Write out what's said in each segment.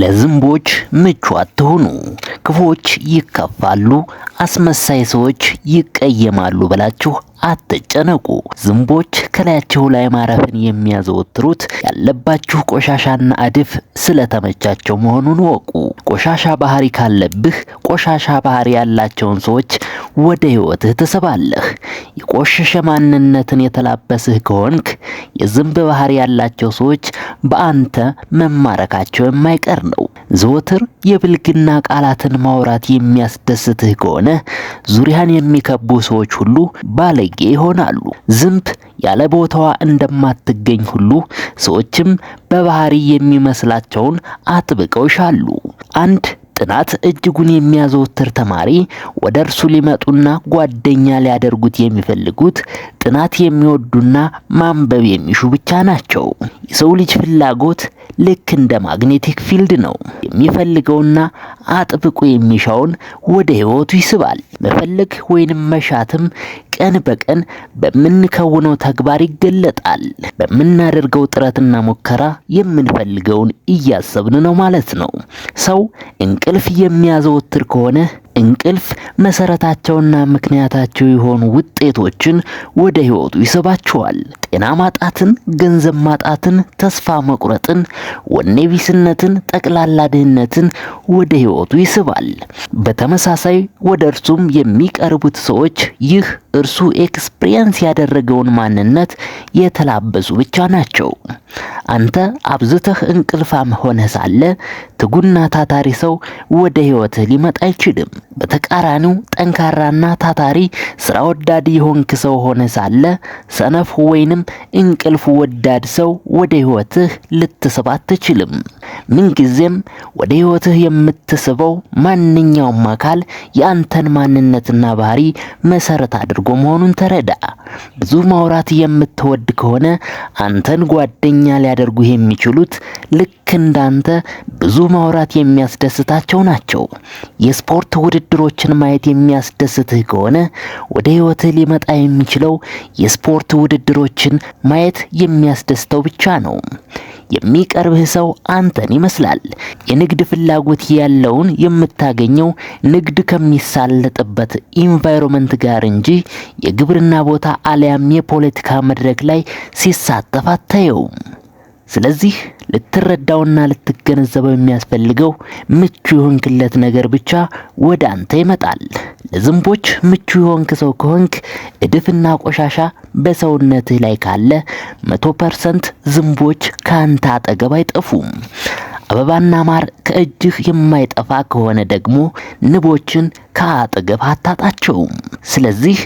ለዝንቦች ምቹ አትሆኑ። ክፎች ይከፋሉ፣ አስመሳይ ሰዎች ይቀየማሉ ብላችሁ አትጨነቁ። ዝንቦች ከላያቸው ላይ ማረፍን የሚያዘወትሩት ያለባችሁ ቆሻሻና አድፍ ስለተመቻቸው መሆኑን ወቁ። ቆሻሻ ባህሪ ካለብህ ቆሻሻ ባህሪ ያላቸውን ሰዎች ወደ ሕይወትህ ትስባለህ። የቆሸሸ ማንነትን የተላበስህ ከሆንክ የዝንብ ባህሪ ያላቸው ሰዎች በአንተ መማረካቸው የማይቀር ነው። ዘወትር የብልግና ቃላትን ማውራት የሚያስደስትህ ከሆነ ዙሪያን የሚከቡ ሰዎች ሁሉ ባለጌ ይሆናሉ። ዝንብ ያለ ቦታዋ እንደማትገኝ ሁሉ ሰዎችም በባህሪ የሚመስላቸውን አጥብቀው ይሻሉ። አንድ ጥናት እጅጉን የሚያዘወትር ተማሪ ወደ እርሱ ሊመጡና ጓደኛ ሊያደርጉት የሚፈልጉት ጥናት የሚወዱና ማንበብ የሚሹ ብቻ ናቸው። የሰው ልጅ ፍላጎት ልክ እንደ ማግኔቲክ ፊልድ ነው። የሚፈልገውና አጥብቆ የሚሻውን ወደ ህይወቱ ይስባል። መፈለግ ወይንም መሻትም ቀን በቀን በምንከውነው ተግባር ይገለጣል። በምናደርገው ጥረትና ሙከራ የምንፈልገውን እያሰብን ነው ማለት ነው። ሰው እንቅልፍ የሚያዘወትር ከሆነ እንቅልፍ መሰረታቸውና ምክንያታቸው የሆኑ ውጤቶችን ወደ ህይወቱ ይስባቸዋል። ጤና ማጣትን፣ ገንዘብ ማጣትን፣ ተስፋ መቁረጥን፣ ወኔ ጠቅላላ ድህነትን ወደ ህይወቱ ይስባል። በተመሳሳይ ወደ እርሱም የሚቀርቡት ሰዎች ይህ እርሱ ኤክስፒሪየንስ ያደረገውን ማንነት የተላበሱ ብቻ ናቸው። አንተ አብዝተህ እንቅልፋም ሆነ ሳለ ትጉና ታታሪ ሰው ወደ ህይወት ሊመጣ አይችልም። በተቃራኒው ጠንካራና ታታሪ ስራ ወዳድ የሆንክ ሰው ሆነ ሳለ ሰነፍ ወይንም እንቅልፍ ወዳድ ሰው ወደ ሕይወትህ ልትስብ አትችልም። ምንጊዜም ወደ ህይወትህ የምትስበው ማንኛውም አካል የአንተን ማንነትና ባህሪ መሰረት አድርጎ መሆኑን ተረዳ። ብዙ ማውራት የምትወድ ከሆነ አንተን ጓደኛ ሊያደርጉ የሚችሉት ልክ እንዳንተ ብዙ ማውራት የሚያስደስታቸው ናቸው። የስፖርት ውድድሮችን ማየት የሚያስደስትህ ከሆነ ወደ ህይወት ሊመጣ የሚችለው የስፖርት ውድድሮችን ማየት የሚያስደስተው ብቻ ነው። የሚቀርብህ ሰው አንተን ይመስላል። የንግድ ፍላጎት ያለውን የምታገኘው ንግድ ከሚሳለጥበት ኢንቫይሮመንት ጋር እንጂ የግብርና ቦታ አሊያም የፖለቲካ መድረክ ላይ ሲሳተፍ አታየውም። ስለዚህ ልትረዳውና ልትገነዘበው የሚያስፈልገው ምቹ የሆንክለት ነገር ብቻ ወደ አንተ ይመጣል። ለዝንቦች ምቹ የሆንክ ሰው ከሆንክ እድፍና ቆሻሻ በሰውነትህ ላይ ካለ መቶ ፐርሰንት ዝንቦች ከአንተ አጠገብ አይጠፉም። አበባና ማር ከእጅህ የማይጠፋ ከሆነ ደግሞ ንቦችን ከአጠገብ አታጣቸውም። ስለዚህ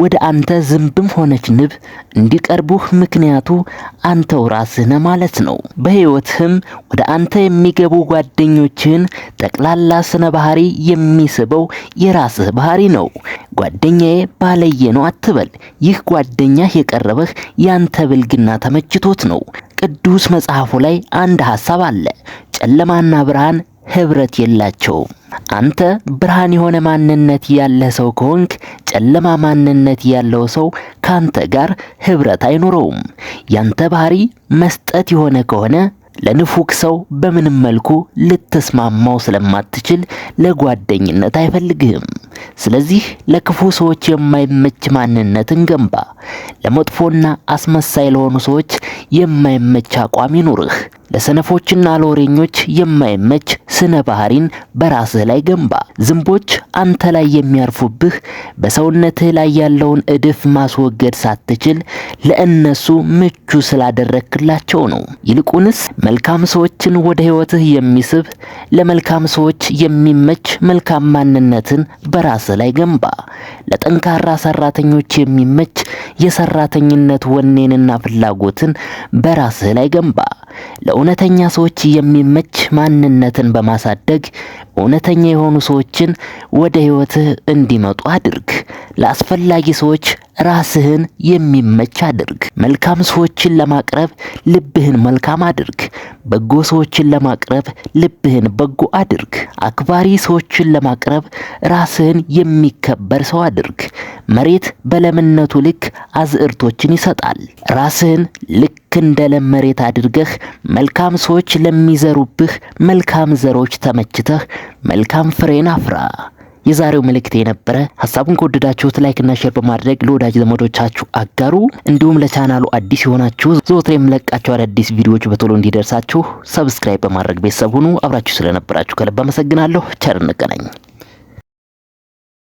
ወደ አንተ ዝንብም ሆነች ንብ እንዲቀርቡህ ምክንያቱ አንተው ራስህ ነህ ማለት ነው። በሕይወትህም ወደ አንተ የሚገቡ ጓደኞችህን ጠቅላላ ስነ ባህሪ የሚስበው የራስህ ባህሪ ነው። ጓደኛዬ ባለየ ነው አትበል። ይህ ጓደኛህ የቀረበህ ያንተ ብልግና ተመችቶት ነው። ቅዱስ መጽሐፉ ላይ አንድ ሐሳብ አለ። ጨለማና ብርሃን ህብረት የላቸውም። አንተ ብርሃን የሆነ ማንነት ያለህ ሰው ከሆንክ ጨለማ ማንነት ያለው ሰው ካንተ ጋር ህብረት አይኖረውም። ያንተ ባህሪ መስጠት የሆነ ከሆነ ለንፉክ ሰው በምንም መልኩ ልትስማማው ስለማትችል ለጓደኝነት አይፈልግህም። ስለዚህ ለክፉ ሰዎች የማይመች ማንነትን ገንባ። ለመጥፎና አስመሳይ ለሆኑ ሰዎች የማይመች አቋም ይኑርህ። ለሰነፎችና ለወሬኞች የማይመች ስነ ባህሪን በራስህ ላይ ገንባ። ዝንቦች አንተ ላይ የሚያርፉብህ በሰውነትህ ላይ ያለውን እድፍ ማስወገድ ሳትችል ለእነሱ ምቹ ስላደረክላቸው ነው። ይልቁንስ መልካም ሰዎችን ወደ ሕይወትህ የሚስብ ለመልካም ሰዎች የሚመች መልካም ማንነትን በራ ራስ ላይ ገንባ። ለጠንካራ ሰራተኞች የሚመች የሰራተኝነት ወኔንና ፍላጎትን በራስ ላይ ገንባ። ለእውነተኛ ሰዎች የሚመች ማንነትን በማሳደግ እውነተኛ የሆኑ ሰዎችን ወደ ህይወትህ እንዲመጡ አድርግ። ለአስፈላጊ ሰዎች ራስህን የሚመች አድርግ። መልካም ሰዎችን ለማቅረብ ልብህን መልካም አድርግ። በጎ ሰዎችን ለማቅረብ ልብህን በጎ አድርግ። አክባሪ ሰዎችን ለማቅረብ ራስህን የሚከበር ሰው አድርግ። መሬት በለምነቱ ልክ አዝዕርቶችን ይሰጣል። ራስህን ልክ እንደ ለም መሬት አድርገህ መልካም ሰዎች ለሚዘሩብህ መልካም ዘሮች ተመችተህ መልካም ፍሬን አፍራ። የዛሬው መልእክት የነበረ። ሀሳቡን ከወደዳችሁት ላይክና ሼር በማድረግ ለወዳጅ ዘመዶቻችሁ አጋሩ። እንዲሁም ለቻናሉ አዲስ የሆናችሁ ዘወትር የምለቃቸው አዳዲስ ቪዲዮዎች በቶሎ እንዲደርሳችሁ ሰብስክራይብ በማድረግ ቤተሰብ ሁኑ። አብራችሁ ስለነበራችሁ ከልብ አመሰግናለሁ። ቸር እንገናኝ።